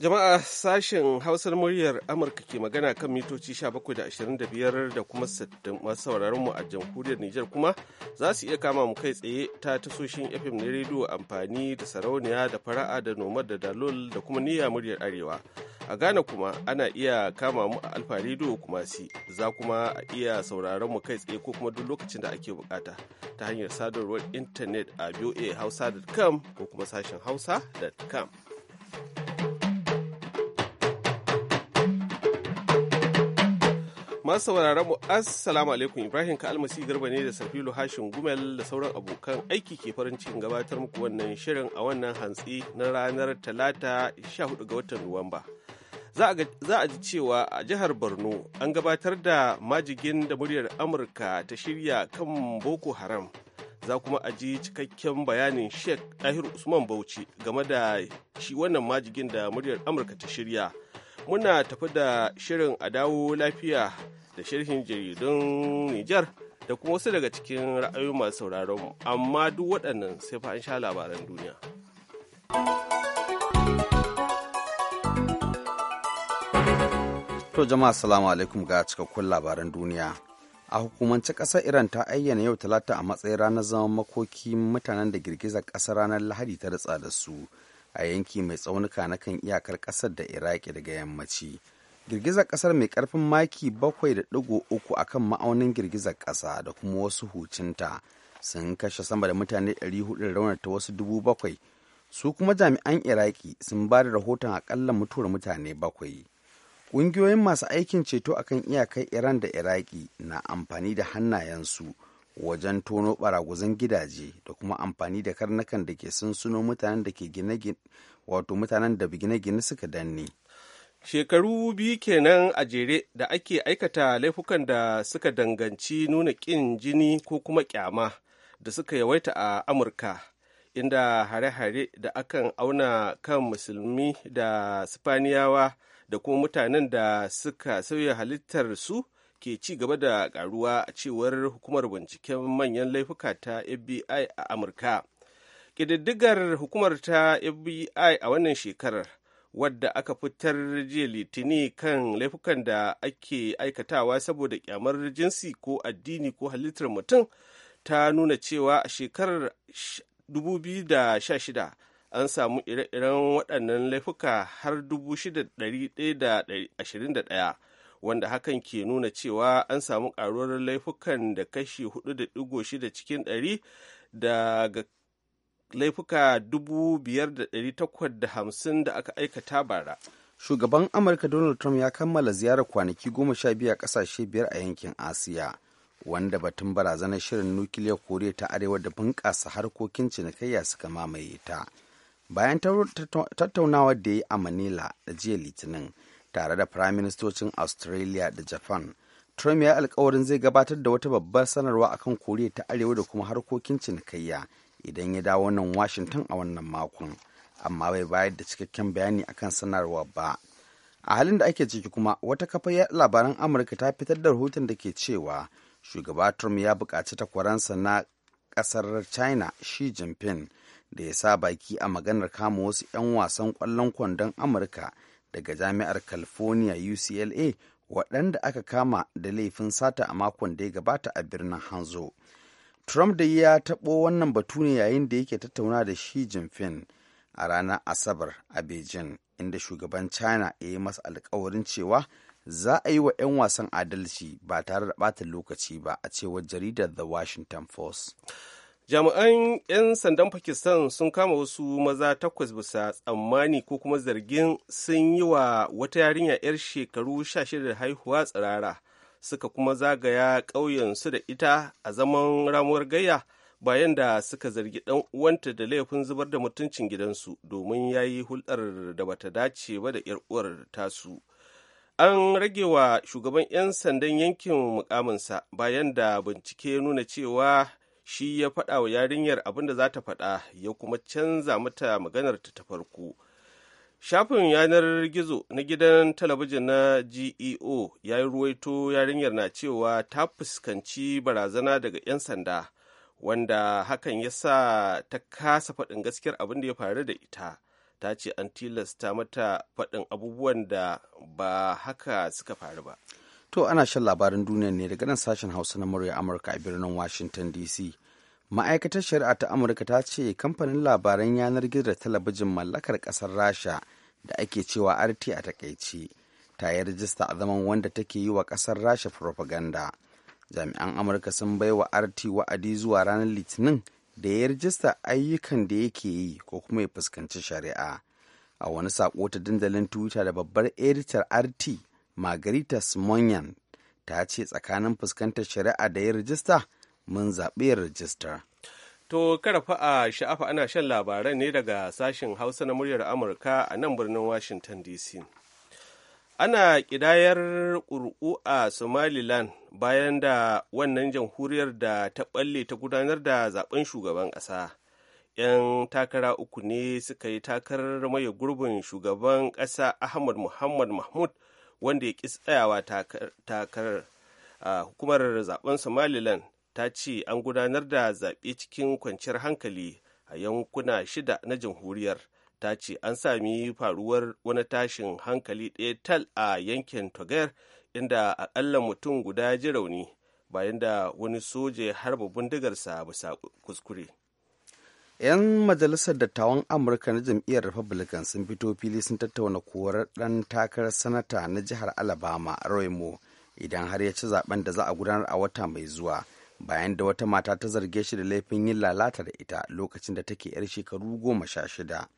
Jama'a sashen Hausar muryar Amurka ke magana kan mitoci 17.25 da kuma 60 masu sauraron mu a jamhuriyar Nijar kuma za su iya kama mu kai tsaye ta tasoshin FM na rediyo amfani da sarauniya da fara'a da nomad da dalol da kuma niyya muryar Arewa. A Ghana kuma ana iya kama mu a Alfa rediyo kuma si za kuma a iya sauraron mu kai tsaye ko kuma duk lokacin da ake bukata ta hanyar sadarwar intanet a voahausa.com ko kuma sashen hausa.com. Masu sauraron mu assalamu alaikum Ibrahim ka almasi garba ne da Safilu Hashin Gumel da sauran abokan aiki ke farin cikin gabatar muku wannan shirin a wannan hantsi na ranar Talata 14 ga watan Nuwamba. Za a ji cewa a jihar Borno an gabatar da majigin da muryar Amurka ta shirya kan Boko Haram. Za kuma a ji cikakken bayanin Sheikh Ahir Usman Bauchi game da shi wannan majigin da muryar Amurka ta shirya. muna tafi da shirin a dawo lafiya da sharhin jaridun Nijar da kuma wasu daga cikin ra'ayoyi masu sauraron amma duk waɗannan sai fa an sha labaran duniya. To jama'a salamu alaikum ga cikakkun labaran duniya. A hukumance ƙasar Iran ta ayyana yau talata a matsayin ranar zaman makokin mutanen da girgizar ƙasar ranar Lahadi ta ritsa da su. a yanki mai tsaunuka na kan iyakar ƙasar da iraki daga yammaci girgizar ƙasar mai ƙarfin maki 7.3 a kan ma'aunin girgizar ƙasa da kuma wasu hucinta sun kashe sama da mutane 400 raunata wasu 7,000 su kuma jami'an iraki sun ba da rahoton akalla mutuwar mutane bakwai ƙungiyoyin masu aikin ceto akan iyakar iran da iraki na amfani da hannayensu wajen tono baraguzan gidaje da kuma amfani da karnukan da ke sunsuno mutanen da ke gine wato mutanen da gine-gine suka danne. Shekaru biyu kenan a jere da ake aikata laifukan da suka danganci nuna ƙin jini ko kuma ƙyama da suka yawaita a Amurka, inda hare-hare da akan auna kan musulmi da Sifaniyawa da kuma mutanen da suka sauya halittar su. ke ci gaba da karuwa a cewar hukumar binciken manyan laifuka ta fbi a amurka ƙididdigar hukumar ta fbi a wannan shekarar wadda aka fitar jiya litini kan laifukan da ake aikatawa saboda kyamar jinsi ko addini ko halittar mutum ta nuna cewa a shekarar 2016 an samu ire-iren waɗannan laifuka har 6,121 wanda hakan ke nuna cewa an samu karuwar laifukan da kashi 4.6 cikin 100 daga laifuka 5,850 da aka aikata bara. Shugaban Amurka Donald Trump ya kammala ziyarar kwanaki goma sha biyu a kasashe biyar a yankin Asiya, wanda batun barazanar shirin nukiliyar Koriya ta Arewa da bunƙasa harkokin cinikayya suka mamaye ta. Bayan tattaunawar da ya yi a Manila da jiya Litinin, tare da firaministocin australia da japan trump ya alkawarin zai gabatar da wata babbar sanarwa kan koriya ta arewa da kuma harkokin cinikayya idan ya dawo nan washington a wannan makon amma bai bayar da cikakken bayani a kan sanarwa ba a halin da ake ciki kuma wata kafa ya labaran amurka ta fitar da rahoton da ke cewa shugaba trump ya buƙaci takwaransa na ƙasar china shi jinping da ya sa baki a maganar kama wasu 'yan wasan kwallon kwandon amurka daga jami'ar california ucla waɗanda aka kama da laifin sata a makon da ya gabata a birnin hanzo trump da ya taɓo wannan batu ne yayin da yake tattauna da shi jinfin a ranar asabar a beijing inda shugaban china ya yi masa alkawarin cewa za a yi wa 'yan wasan adalci ba tare da ɓata lokaci ba a cewar jaridar the washington post jami'an 'yan sandan pakistan sun kama wasu maza takwas bisa tsammani ko kuma zargin sun yi wa wata yarinya 'yar shekaru 16 haihuwa tsirara suka kuma zagaya ƙauyensu da ita a zaman ramuwar gayya bayan da suka zargi ɗan uwanta da laifin zubar da mutuncin gidansu domin ya yi hulɗar da bata dace ba da 'yar uwar tasu an rage wa shugaban 'yan sandan yankin mukaminsa bayan da bincike nuna cewa shi ya faɗa wa yarinyar abin da za ta faɗa ya kuma canza mata maganar ta ta farko shafin yanar gizo na gidan talabijin na geo ya yi ruwaito yarinyar na cewa ta fuskanci barazana daga 'yan sanda wanda hakan ya sa ta kasa faɗin gaskiyar abin da ya faru da ita ta ce an tilasta mata faɗin abubuwan da ba haka suka faru ba To ana shan labarin duniya ne daga nan sashen Hausa na murya Amurka a birnin Washington DC. Ma'aikatar Shari'a ta Amurka ta ce kamfanin labaran yanar gizo da talabijin mallakar ƙasar Rasha da ake cewa RT a takaice ta yi rajista a zaman wanda take yi wa ƙasar Rasha propaganda. Jami'an Amurka sun bai wa RT wa'adi zuwa ranar Litinin da ya rajista ayyukan da yake yi ko kuma ya fuskanci shari'a. A wani saƙo ta dandalin Twitter da babbar editar RT margarita simonyan ta ce tsakanin fuskantar shari'a da ya rijista mun zaɓi yin rijista. to karfa a sha'afa ana shan labaran ne daga sashen hausa na muryar amurka a nan birnin washington dc ana ƙidayar ƙuri'u a somaliland bayan da wannan jamhuriyar da ta ɓalle ta gudanar da zaben shugaban ƙasa 'yan takara uku ne suka yi takarar maye gurbin shugaban ƙasa ahmad muhammad mahmud wanda ya ƙi tsayawa takarar hukumar zaben somaliland ta ce an gudanar da zaɓe cikin kwanciyar hankali a yankuna shida na jamhuriyar ta ce an sami faruwar wani tashin hankali ɗaya tal a yankin togar inda aƙalla mutum guda ji rauni bayan da wani soja ya harba bindigarsa bisa kuskure 'yan majalisar dattawan amurka na jam'iyyar republican sun fito fili sun tattauna korar ɗan takarar sanata na jihar alabama roy moore idan har ya ci zaben da za a gudanar a wata mai zuwa bayan da wata mata ta zarge shi da laifin yin lalata da ita lokacin da take 'yar shekaru goma sha shida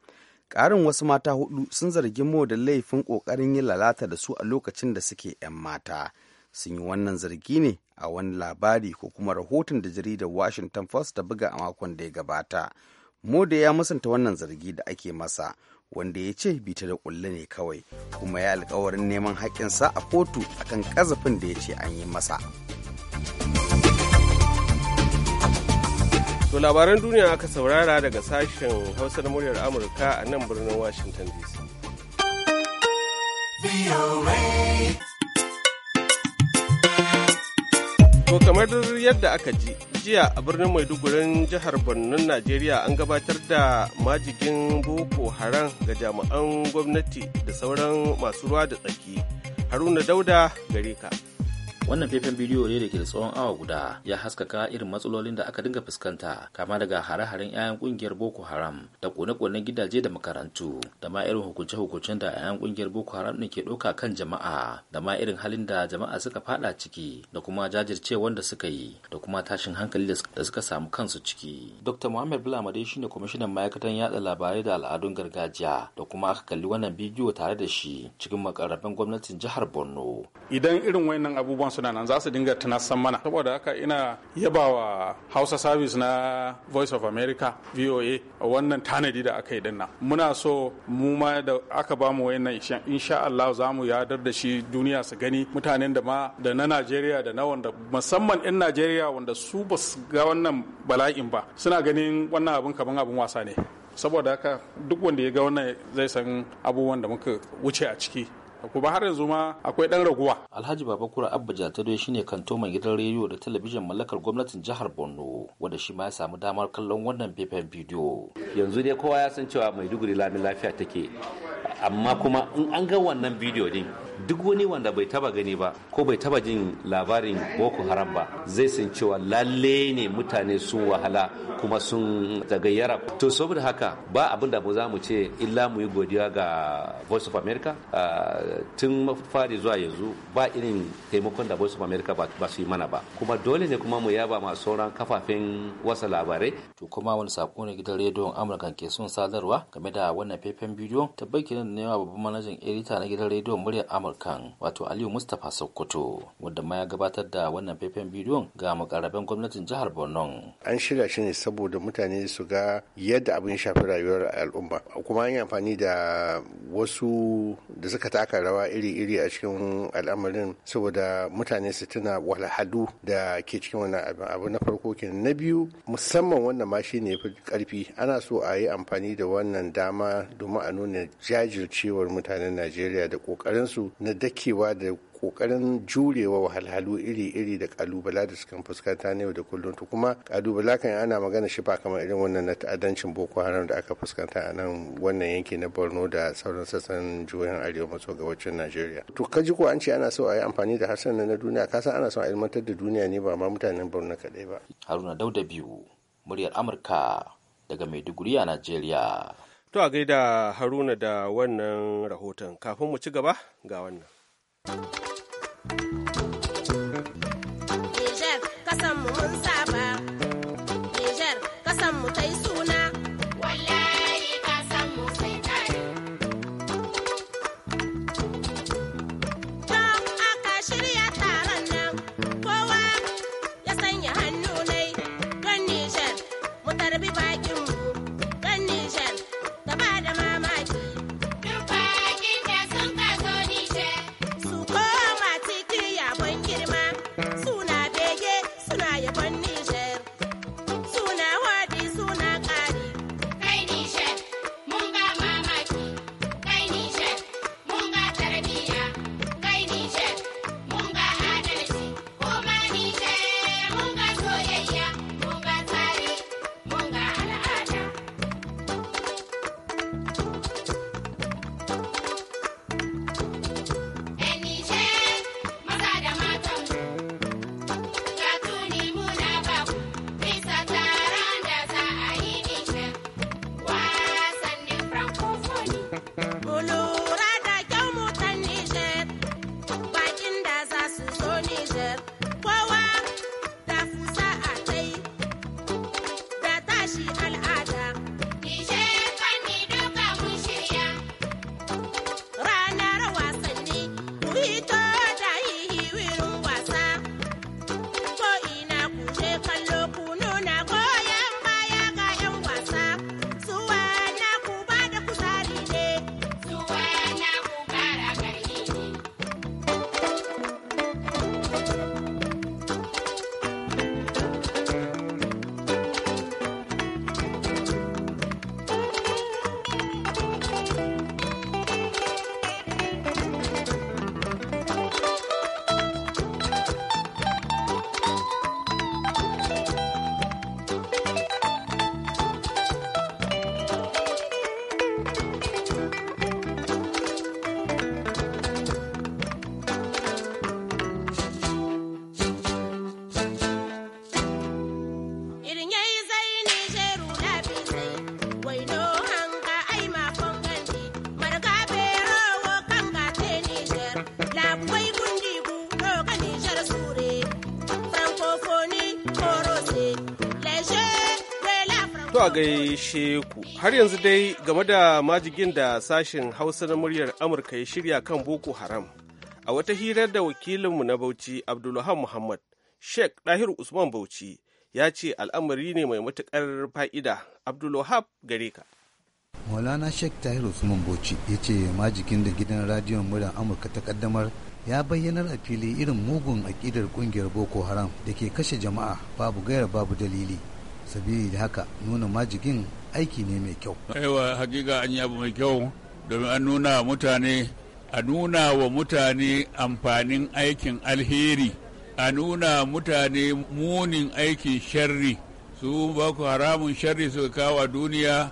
ƙarin wasu mata hudu sun zargi mo da laifin ƙoƙarin yin lalata da su a lokacin da suke 'yan mata sun yi wannan zargi ne a wani labari ko kuma rahoton da jaridar washington post ta buga a makon da ya gabata Mode ya musanta wannan zargi da ake masa wanda ya ce bita da kulle ne kawai kuma ya alkawarin neman haƙƙinsa a kotu akan kazafin da ya ce an yi masa. To labaran duniya aka saurara daga sashen Hausa na muryar Amurka a nan birnin Washington DC. To kamar yadda aka ji, jiya a birnin Maidugurin jihar Borno Najeriya an gabatar da majigin Boko Haram ga jami'an gwamnati da sauran masu ruwa da tsaki. Haruna Dauda gare ka. wannan faifan bidiyo ne da ke da tsawon awa guda ya haskaka irin matsalolin da aka dinga fuskanta kama daga hare-haren 'ya'yan kungiyar boko haram da kone kone gidaje da makarantu da ma irin hukunce-hukuncen da 'ya'yan kungiyar boko haram ne ke ɗauka kan jama'a da ma irin halin da jama'a suka fada ciki da kuma jajirce wanda suka yi da kuma tashin hankali da suka samu kansu ciki dr muhammad bulamade shi shine kwamishinan ma'aikatan yada labarai da al'adun gargajiya da kuma aka kalli wannan bidiyo tare da shi cikin makarabin gwamnatin jihar borno idan irin wannan abubuwan suna nan za su dinga tunasan mana saboda haka ina yabawa hausa service na voice of america voa wannan tanadi da aka yi dinna muna so mu ma da aka ba mu wayannan insha Allah za mu yadar da shi duniya su gani mutanen da ma da na Najeriya da na wanda musamman 'yan Najeriya wanda su ba su ga wannan bala'in ba suna ganin wannan abin kaman abin wasa ne saboda haka duk wanda ya ga wannan zai san abubuwan da muka wuce a ciki kuma har yanzu ma akwai dan raguwa alhaji babakura abba jatado shine kantoman gidan rediyo da talabijin mallakar gwamnatin jihar borno wanda shi ma ya samu damar kallon wannan faifan bidiyo yanzu dai kowa ya san cewa maiduguri lamin lafiya take amma kuma in an ga wannan bidiyo din duk wani wanda bai taba gani ba ko bai taba jin labarin boko haram ba zai san cewa lalle ne mutane sun wahala kuma sun tagayyara to saboda haka ba abin da za mu ce illa mu yi godiya ga voice of america ah, tun fari zuwa yanzu ba irin taimakon da voice of america ba su yi mana ba kuma dole ne kuma mu yaba ma sauran kafafen wasa labarai to kuma wani sako ne gidan rediyon amurka ke sun sadarwa game da wannan faifan bidiyon tabbakin ne babban manajan edita na gidan rediyon muryar amurka amurkan wato aliyu mustapha sokoto wanda ma ya gabatar da wannan faifan bidiyon ga makarabin gwamnatin jihar borno an shirya shi ne saboda mutane su ga yadda abin shafi rayuwar al'umma kuma an yi amfani da wasu da suka taka rawa iri-iri a cikin al'amarin saboda mutane su tuna walhadu da ke cikin wannan abu na farko kenan na biyu musamman wannan ma shi ne karfi ana so a yi amfani da wannan dama domin a nuna jajircewar mutanen najeriya da su na dakewa da kokarin jurewa wahalhalu iri-iri da kalubala da sukan fuskanta na yau da kullum to kuma kalubala kan ana magana shi ba kamar irin wannan na ta'addancin boko haram da aka fuskanta a nan wannan yanki na borno da sauran sassan jihohin arewa maso gabacin najeriya to ka ji ko an ce ana so a yi amfani da harshen na duniya ka san ana so a ilmantar da duniya ne ba ma mutanen borno kaɗai ba haruna dauda biyu muryar amurka daga maiduguri a najeriya To a gaida Haruna da wannan rahoton kafin mu ci gaba ga wannan. zuwa gaishe ku har yanzu dai game da majigin da sashen hausa na muryar amurka ya shirya kan boko haram a wata hirar da wakilinmu na bauchi abdulluhan muhammad sheikh dahir usman bauchi ya ce al'amari ne mai matuƙar fa'ida abdulwahab gare ka maulana sheikh tahir usman bauchi ya ce majigin da gidan radiyon muryar amurka ta kaddamar ya bayyanar a fili irin mugun akidar ƙungiyar boko haram da ke kashe jama'a babu gaira babu dalili sabili haka nuna majigin aiki ne mai kyau aiwa hakika an yi abu mai kyau domin an nuna mutane a nuna wa mutane amfanin aikin alheri a nuna mutane munin aikin sharri su baku haramun sharri suka kawo duniya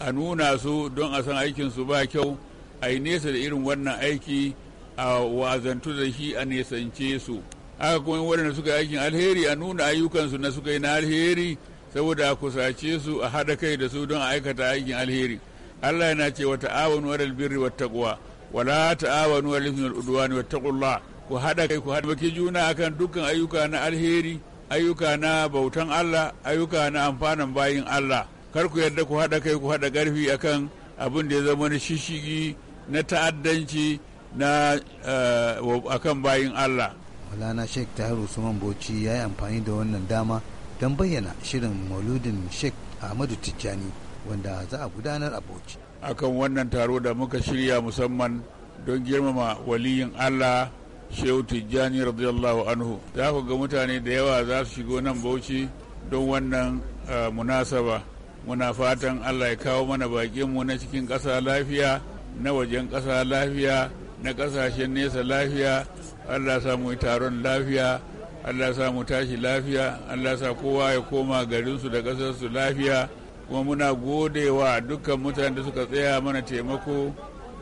a nuna su don a san aikin su ba kyau a yi nesa da irin wannan aiki a wazantu da shi a nesance su haka kuma waɗanda suka yi aikin alheri a nuna ayyukansu na suka yi na alheri saboda a kusace su a haɗa kai da su don a aikata aikin alheri Allah yana ce wa ta'awanu alal birri wat taqwa wala ta'awanu alal ithmi wal udwani wattaqullah ku haɗa kai ku haɗa baki juna akan dukkan ayyuka na alheri ayyuka na bautan Allah ayyuka na amfanan bayin Allah kar ku yarda ku haɗa kai ku haɗa ƙarfi akan abin da ya zama na shishigi na ta'addanci na eh, akan bayin Allah. wala na Sheikh Tahir Usman Bauchi ya yi amfani da wannan dama don bayyana shirin mauludin sheikh ahmadu tijjani wanda za a gudanar a bauchi akan wannan taro da muka shirya musamman don girmama waliyin allah shehu tijjani radiyallahu anhu za ku ga mutane da yawa za su shigo nan bauchi don wannan munasaba muna fatan allah ya kawo mana bakinmu na cikin ƙasa lafiya na wajen ƙasa lafiya na ƙasashen nesa lafiya allah samu taron lafiya allah sa mu tashi lafiya allah sa kowa ya koma garinsu da ƙasarsu lafiya kuma muna godewa dukkan mutanen da suka tsaya mana taimako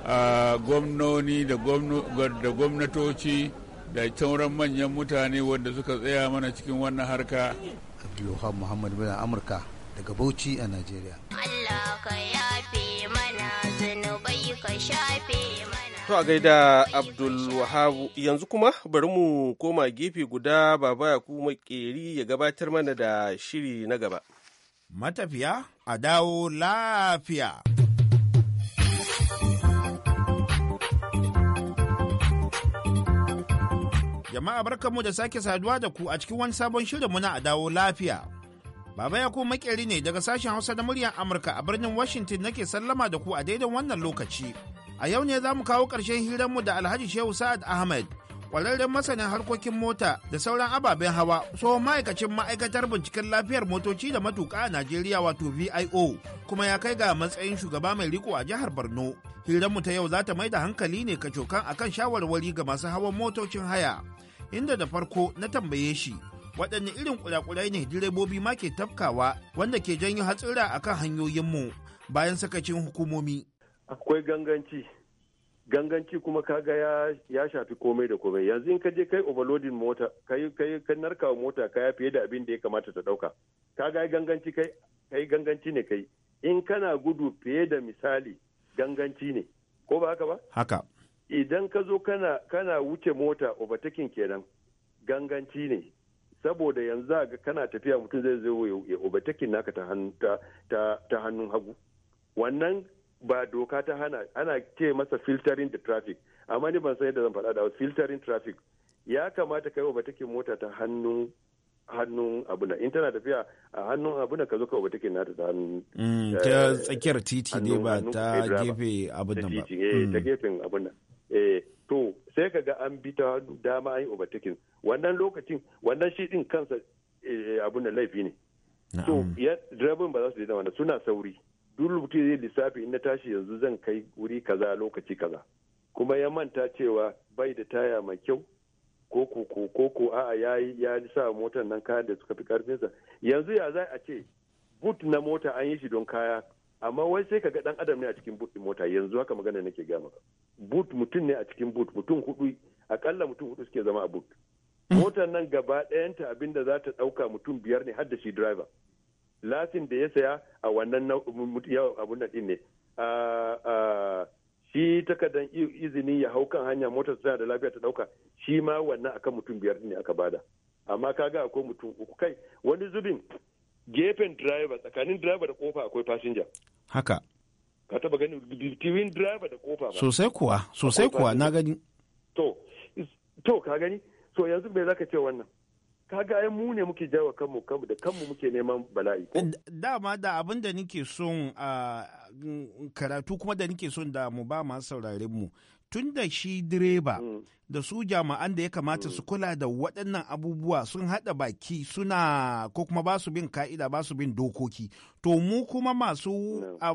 a gwamnoni da gwamnatoci da sauran manyan mutane wanda suka tsaya mana cikin wannan harka abdulluhan muhammad bin amurka daga bauchi a nigeria allah ka yafe mana zunubai ka shafe To a gaida Abdul Wahabu yanzu kuma bari mu koma gefe guda baba ya kuma keri ya gabatar mana da shiri na gaba. Matafiya a dawo lafiya. Jama'a barkanmu da sake saduwa da ku a cikin wani sabon shirin muna a dawo lafiya. Baba ya kuma makeri ne daga sashen Hausa da muryar Amurka a birnin Washington nake sallama da ku a daidan wannan lokaci. A yau ne za mu kawo ƙarshen hiranmu da Alhaji Shehu Sa'ad Ahmed, ƙwararren masanin harkokin mota da sauran ababen hawa, so ma'aikacin ma'aikatar binciken lafiyar motoci da matuƙa a Najeriya wato VIO, kuma ya kai ga matsayin shugaba mai riko a jihar Borno. Hiranmu ta yau za ta mai da hankali ne ka kacokan kan shawarwari ga masu hawan motocin haya, inda da farko na tambaye shi. waɗanne irin kurakurai ne direbobi ma ke tafkawa wanda ke janyo hatsira akan hanyoyinmu bayan sakacin hukumomi. akwai ganganci ganganci kuma kaga ya shafi komai da komai yanzu in ka je kai overloading mota kai kai ka narkawa mota kaya fiye da abin da ya kamata ta dauka kaga ganganci kai kai ganganci ne kai in kana gudu fiye da misali ganganci ne ko ba haka ba haka idan ka zo kana kana wuce mota overtaking kenan ganganci ne saboda yanzu ga kana tafiya mutum zai zo ya overtaking naka ta hannu ta ta hannun hagu wannan ba doka ta hana ana ce masa filtering da traffic amma ni ban san yadda zan faɗa da filtering traffic ya kamata kai ba take mota ta hannun hannun na in tana tafiya a hannun na ka zo ka take nata ta hannun mm, eh, ta tsakiyar titi ne ba ta gefe abu nan ba eh, ta mm. gefen abu nan eh to sai ka ga an bi ta dama an yi overtaking wannan lokacin wannan shi din kansa eh, abu nan laifi ne to direbin ba za su da wannan suna sauri duk mutum zai lissafi in na tashi yanzu zan kai wuri kaza lokaci kaza kuma ya manta cewa bai da taya mai kyau ko ko ko ko a'a ya ya sa motar nan kayan da suka fi karfinsa yanzu ya za a ce but na mota an yi shi don kaya amma wai sai kaga dan adam ne a cikin but mota yanzu haka magana nake ga maka but mutum ne a cikin but mutum hudu akalla mutum hudu suke zama a but hmm. motar nan gaba ɗayanta abinda za ta ɗauka mutum biyar ne har da shi driver lasin da ya saya a wannan yawan abun da din ne shi takardan izini ya hau kan hanya motar tana da lafiya ta dauka shi ma wannan akan mutum biyar ne aka bada amma kaga akwai mutum uku kai wani zubin gefen driver tsakanin driver da kofa akwai passenger. haka ka taba gani between driver da kofa ba sosai kuwa sosai kuwa na gani to to ka gani so yanzu me zaka ce wannan kaga ai mu ne muke jawa kanmu kanmu da kanmu muke neman bala'i dama da abin da nake son a karatu kuma da nake son da mu ba masu sauraren mu tun da shi direba mm. da su jama'an da ya kamata mm. su kula da waɗannan abubuwa sun haɗa baki suna ko kuma ba su bin ka'ida ba su bin dokoki to mu kuma masu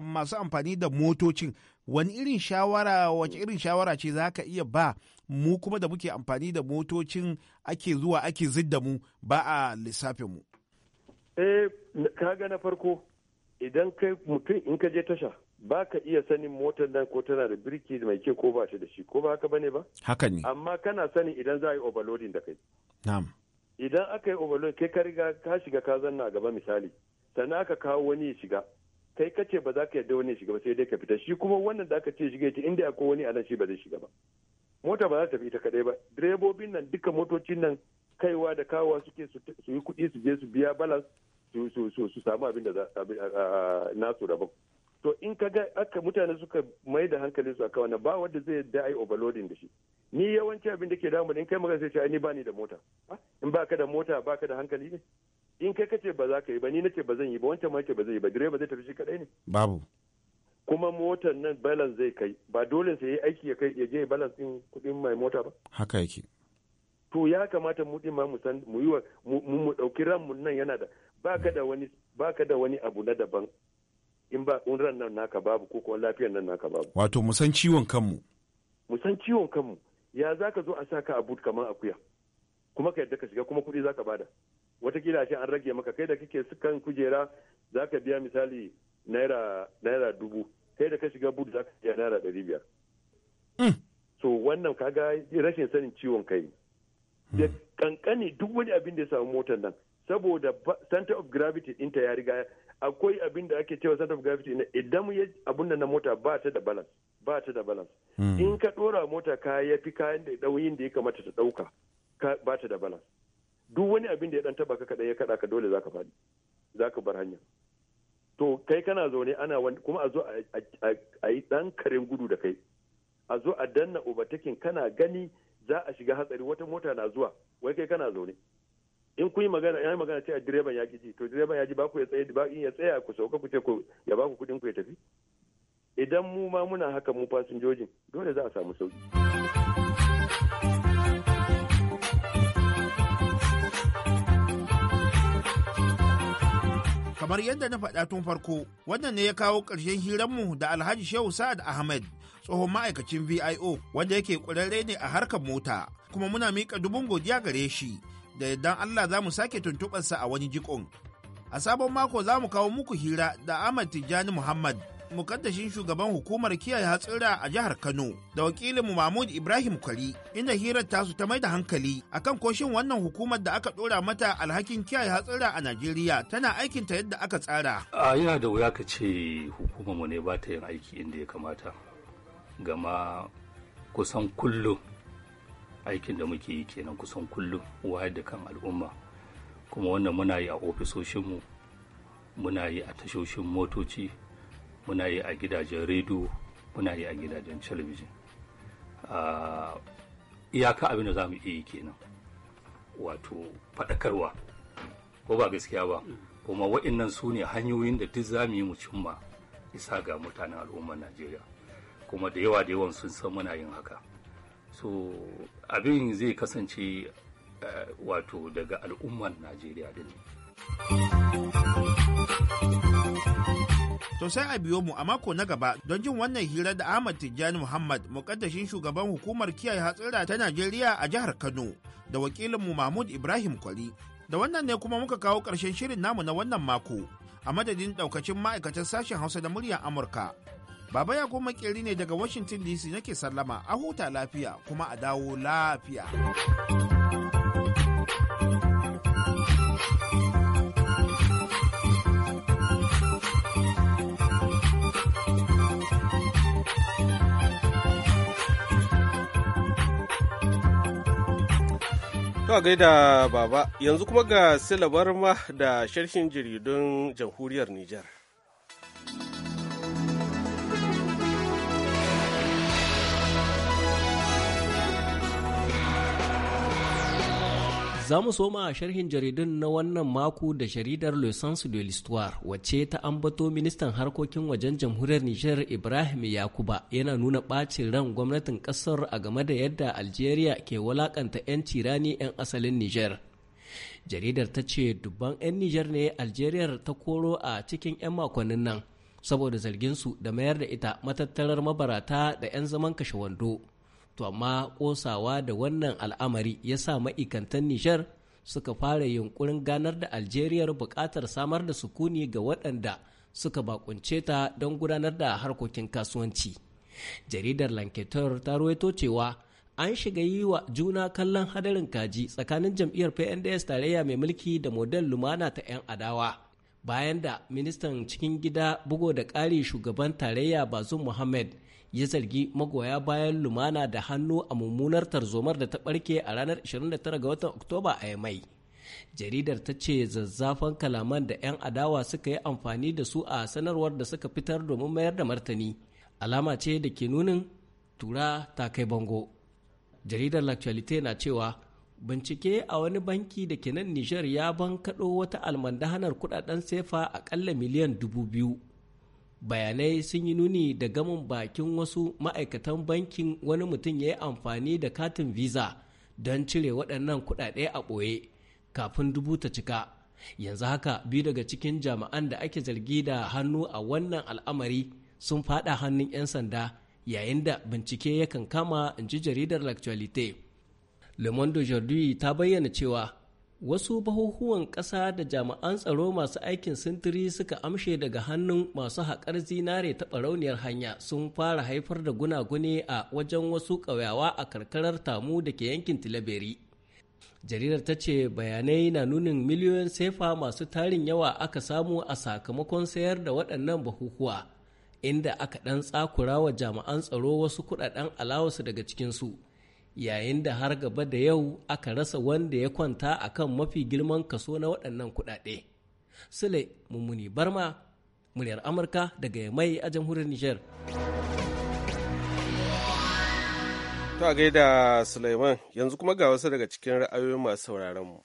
masu amfani da motocin wani irin shawara wace mm. irin shawara ce za ka iya ba mu kuma da muke amfani da motocin ake zuwa ake zidda mu ba a lissafin mu eh kaga na farko idan kai mutum in ka je tasha ba ka iya sanin motar nan ko tana da birki mai ke ko ba shi da shi ko ba haka bane ba haka ne amma kana sani idan za a yi overloading da kai na'am idan aka yi overloading kai ka riga ka shiga ka zanna gaba misali sannan aka kawo wani ya shiga kai ka ce ba za ka yarda wani ya shiga ba sai dai ka fita shi kuma wannan da aka ce shiga ce inda akwai wani a nan shi ba zai shiga ba mota ba za ta tafi ita kadai ba direbobin nan duka motocin nan kaiwa da kawowa suke su yi kuɗi su je su biya balas su samu abin da nasu rabon to in ka ga aka mutane suka mai da hankali su aka wannan ba wanda zai da ai overloading da shi ni yawanci abin da ke damu in kai magana sai ce ni da mota ah, in ba ka da mota ba ka da hankali ne in kai kace ba za ka yi ba ni nace ba zan yi ba wancan ma ce ba zai yi ba direba zai tafi shi kadai ne babu kuma motar nan balance zai kai ba dole sai ya aiki ya kai ya je balance din kudin mai mota ba haka yake to ya kamata mu din ma mu san mu yi mu mu dauki ranmu nan yana da baka da wani baka da wani abu na daban in ba in ran nan naka babu ko kuma lafiyar nan naka babu wato mu san ciwon kanmu mu san ciwon kanmu ya zaka zo a saka a boot kamar akuya kuma ka yadda ka shiga kuma kuɗi zaka bada watakila shi an rage maka kai da kake sukan kujera zaka biya misali naira dubu sai da ka shiga Budu za ka siya naira ɗari biyar. Mm. so wannan kaga rashin sanin ciwon kai mm. da kankani duk wani abin da ya samu motar nan saboda center of gravity ɗinta ya riga akwai abin da ake cewa center of gravity na idan ya abin da na mota ba ta da balance ba ta da balance mm. in ka dora mota ka ya fi kayan da ɗauyin da ya kamata ta ɗauka ba ta da balance duk wani abin da ya dan taba ka kaɗai ya kaɗa ka dole zaka fadi zaka bar hanya to kai kana zaune ana wani kuma a zo a yi dan karen gudu da kai a zo a danna ubatakin kana gani za a shiga hatsari wata mota na zuwa wai kai kana zaune in kun yi magana ya yi magana ce a direban ya ji to direban ya ji ba ya tsaye in ya tsaya ku sauka ku ce ku ya ba ku kuɗin ku ya tafi idan mu ma muna haka mu fasinjojin dole za a samu sauki. kamar yadda na faɗa tun farko wannan ne ya kawo ƙarshen hiranmu da alhaji shehu sa'ad ahmed tsohon ma'aikacin vio wanda yake ƙwararre ne a harkar mota kuma muna miƙa dubun godiya gare shi da yardan allah za mu sake tuntuɓarsa a wani jikon a sabon mako za mu kawo muku hira da ahmad tijjani muhammad mukaddashin shugaban hukumar kiyaye hatsira a jihar Kano da wakilinmu Mahmud Ibrahim Kwari inda hirar tasu ta mai da hankali akan koshin wannan hukumar da aka dora mata alhakin kiyaye hatsira a Najeriya tana aikinta yadda aka tsara. A yana da wuya ka ce hukumar mu ne ba ta yin aiki inda ya kamata. Gama kusan kullum aikin da muke yi kenan kusan kullum wayar da kan al'umma kuma wannan muna yi a ofisoshinmu muna yi a tashoshin motoci muna yi a gidajen rediyo muna yi a gidajen talabijin iyaka abin da za mu iya kenan wato faɗakarwa ko ba gaskiya ba kuma waɗannan su ne hanyoyin da duk za mu yi mu cimma isa ga mutanen al'ummar najeriya kuma da yawa da yawan sun san muna yin haka so abin zai kasance eh, wato daga al'ummar najeriya din To sai a biyo mu a mako na gaba don jin wannan hira da Ahmad Tijjani Muhammad mukaddashin shugaban hukumar kiyaye hatsira ta Najeriya a jihar Kano da wakilinmu Mahmud Ibrahim kwari Da wannan ne kuma muka kawo ƙarshen shirin namu na wannan mako a madadin ɗaukacin ma'aikatan sashen Hausa da muryar Amurka. Baba ya kuma makeri ne daga Washington DC nake sallama a huta lafiya kuma a dawo lafiya. To gaida baba yanzu kuma ga silabar ma da sharhin jaridun jamhuriyar Nijar. Za mu soma a sharhin jaridun na wannan mako da jaridar Le de l'Histoire wacce ta ambato ministan harkokin wajen jamhuriyar Nijar Ibrahim Yakuba yana nuna ɓacin ran gwamnatin ƙasar a game da yadda Algeria ke walakanta 'yan tirani 'yan asalin Nijar. Jaridar ta ce dubban 'yan Nijar ne Algeria ta koro a cikin 'yan makonnin nan saboda zarginsu da mayar da ita matattarar mabarata da 'yan zaman kashe wando. to amma kosawa da wannan al'amari ya sa ma'ikantan nishar suka fara yunkurin ganar da algeria bukatar samar da sukuni ga waɗanda suka bakunce ta don gudanar da harkokin kasuwanci jaridar lanketer ta ruwaito cewa an shiga yi wa juna kallon hadarin kaji tsakanin jam'iyyar pnds tarayya mai mulki da model lumana ta 'yan adawa bayan da ministan cikin gida bugo da ƙari shugaban tarayya bazum muhammad ya zargi magoya bayan lumana da hannu a mummunar tarzomar da ta barke a ranar 29 ga watan oktoba a yamai jaridar ta ce zazzafan kalaman da 'yan adawa suka yi amfani da su a sanarwar da suka fitar domin mayar da martani alama ce da ke nunin tura ta kai bango jaridar l'actualité na cewa bincike a wani banki da ke nan nijar ya bankaɗo wata almandahanar kudaden sefa akalla miliyan dubu biyu bayanai sun yi nuni da gaman bakin wasu ma'aikatan bankin wani mutum ya yi amfani da katin visa don cire waɗannan kuɗaɗe a ɓoye kafin dubu ta cika yanzu haka biyu daga cikin jami'an da ake zargi da hannu a wannan al'amari sun faɗa hannun 'yan sanda yayin da bincike yakan kama in ji jaridar l'actualité le monde ta bayyana cewa wasu bahuhuwan ƙasa da jami'an tsaro masu aikin sintiri suka amshe daga hannun masu haƙar zinare ta barauniyar hanya sun fara haifar da gunagune a wajen wasu ƙauyawa a karkarar tamu da ke yankin tilaberi jaridar ta ce bayanai na nunin miliyoyin sefa masu tarin yawa aka samu a sakamakon sayar da waɗannan bahuhuwa inda aka ɗan tsakura wa jami'an tsaro wasu kuɗaɗen alawasu daga cikinsu. yayin da har gaba da yau aka rasa wanda ya kwanta a kan mafi girman kaso na waɗannan kuɗaɗe. Sule Mummuni Barma, muryar Amurka daga Yamai a jamhuriyar Nijar. To a gaida Suleiman, yanzu kuma ga wasu daga cikin ra'ayoyin masu sauraron mu.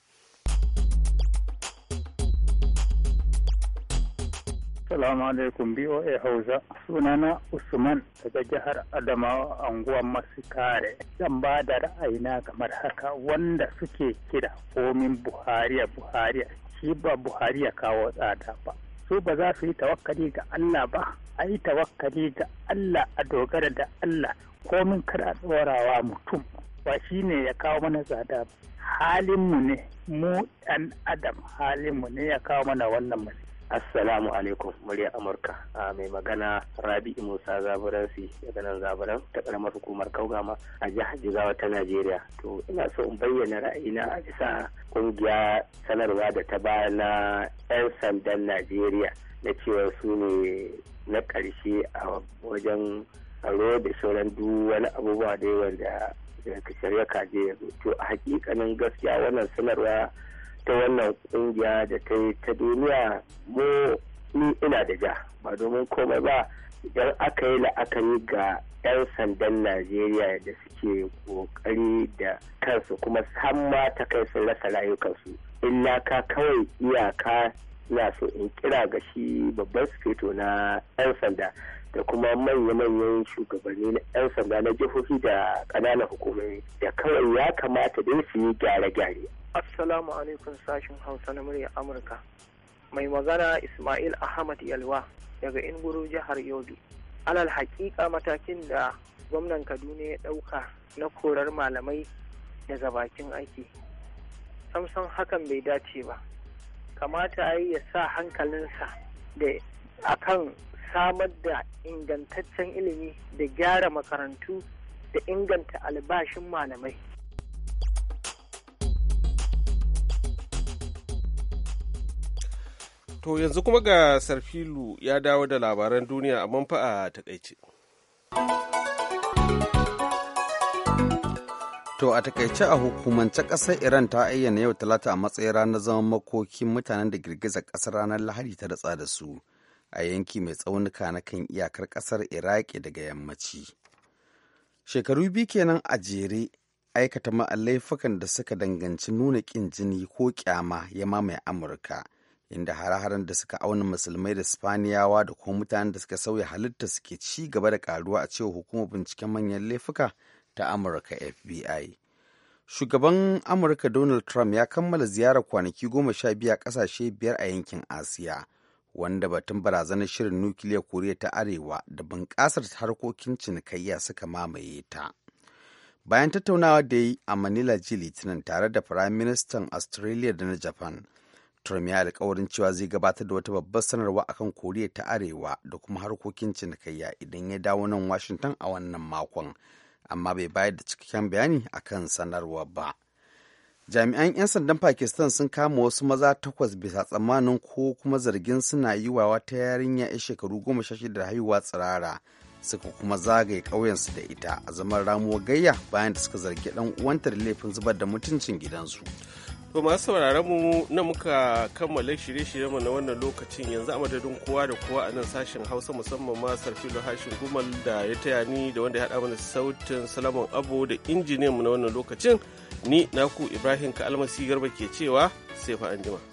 Assalamu alaikum BOA Hausa. Sunana Usman daga jihar Adamawa anguwan Masikare. Zan ba da ra'ayina kamar haka wanda suke kira komin Buhariya Buhariya shi ba Buhariya kawo tsada ba. Su ba za su yi tawakkali ga Allah ba, a yi tawakkali ga Allah a dogara da Allah komin kar a tsorawa mutum. Ba shi ne ya kawo mana tsada ba. Halinmu ne, mu ɗan adam halinmu ne ya kawo mana wannan masu. Assalamu alaikum murya Amurka a mai magana Rabi'u Musa Zaburansi daga nan Zaburan ta karamar hukumar Kaugama a jihar Jigawa ta Najeriya. To ina so in bayyana ra'ayina a bisa kungiya sanarwa da ta ba na 'yan sandan Najeriya na cewa su ne na ƙarshe a wajen tsaro da sauran duk wani abubuwa da yawan da shari'a kaje zo To a hakikanin gaskiya wannan sanarwa ta wannan kungiya da ta yi ta duniya mu ni ina da ja ba domin komai ba idan aka yi la'akari ga 'yan sandan najeriya da suke kokari da kansu kuma ma ta kai sun rasa rayukansu illa ka kawai iyaka na so in kira ga shi babban sufeto na 'yan sanda da kuma manya-manyan shugabanni na 'yan sanda na jihohi da ƙananan hukumomi da kawai ya kamata dai su yi gyare-gyare. Assalamu alaikum sashen Hausa na murya Amurka. Mai magana Ismail Ahmad Yalwa daga Inguru jihar Yobe. Alal hakika matakin da gwamnan Kaduna ya ɗauka na korar malamai daga bakin aiki. Samson hakan bai dace ba. Kamata ya sa hankalinsa da akan samar da ingantaccen ilimi da gyara makarantu da inganta albashin malamai. To yanzu kuma ga Sarfilu ya dawo da labaran duniya a manfa a takaice. To a takaice a hukumance ƙasar Iran ta ayyana yau talata a matsayin ranar zaman makokin mutanen da girgizar ƙasar ranar Lahadi ta da da su. a yanki mai tsaunuka na kan iyakar ƙasar iraki daga yammaci shekaru biyu kenan a jere aikata ma'allaifukan da suka danganci nuna ƙin jini ko ƙyama ya mamaye amurka inda hare-haren da suka auna musulmai da spaniyawa da kuma mutanen da suka sauya halitta suke ci gaba da karuwa a cewa hukumar binciken manyan laifuka ta amurka fbi shugaban amurka donald trump ya kammala ziyarar kwanaki goma sha biyu a kasashe biyar a yankin asiya wanda batun barazanar shirin nukiliya koriya ta arewa da bunƙasar harkokin cinikayya suka mamaye ta bayan tattaunawa da yi a manila ji litinin tare da firayim ministan australia da na japan trump ya alkawarin cewa zai gabatar da wata babbar sanarwa akan koriya ta arewa da kuma harkokin cinikayya idan ya dawo nan washington a wannan makon amma bai bayar da cikakken bayani akan sanarwa ba. jami'an 'yan sandan pakistan sun kama wasu maza takwas bisa tsammanin ko kuma zargin suna yi wa wata yarinya 'ya shekaru goma sha shida da haihuwa tsirara suka kuma zagaye ƙauyensu da ita a zaman ramuwar gayya bayan da suka zargi ɗan uwanta da laifin zubar da mutuncin gidansu To masu sauraron mu na muka kammala shirye-shiryenmu na wannan lokacin yanzu a madadin kowa da kowa a nan sashen Hausa musamman ma Sarfilo Hashin Gumal da ya taya ni da wanda ya haɗa mana sautin Salaman abu da injiniyanmu na wannan lokacin ni naku Ibrahim ka almasi Garba ke cewa sai fa anjima.